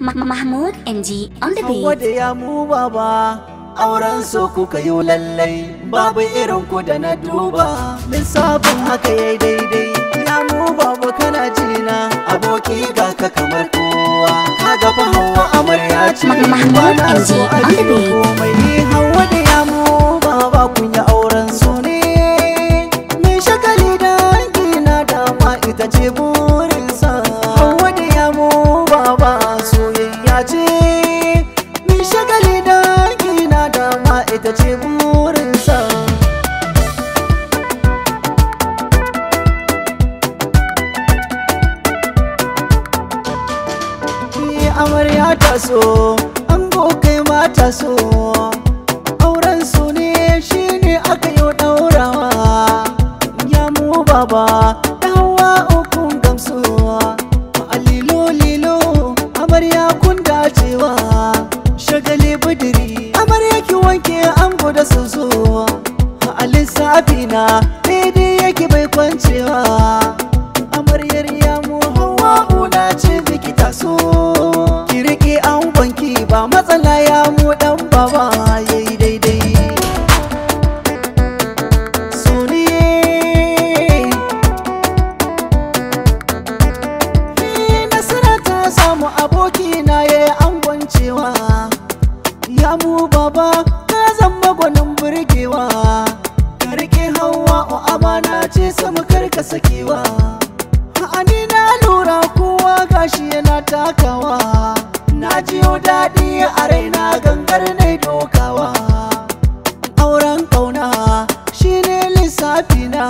Mahmud MG on the beat. Wada ya mu baba, auren so kuka yi lallai, babu irin ku da na duba. Lissafin haka yayi daidai, ya mu baba kana jina, aboki ga ka kamar kowa. Ka ga fa a amarya ce, Mahmud MG on the beat. Komai ni shakali na dama ita ce ta ce burinsa amarya ta so an kai ma ta so auren su ne shine aka yi daurawa ya mu baba dawa ukun gamsuwa a lilo lilo amarya kun dacewa shagali budiri abina dai yake bai kwancewa amaryar ya mu hawa una ce biki taso ki rike an banki ba matsala ya mu dan baba yayi daidai eh, Abokina ya yi angon cewa, Ya mu baba ce sama karka sakewa ni na lura kowa gashi yana takawa na jiyo daɗi a raina gangar ne dokawa auren ƙauna shi ne lissafi na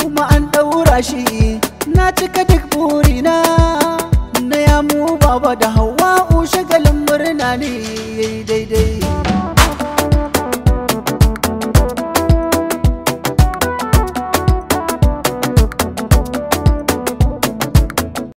kuma an ɗaura shi na cika duk burina na yamu baba da hawa'u shagalin murna ne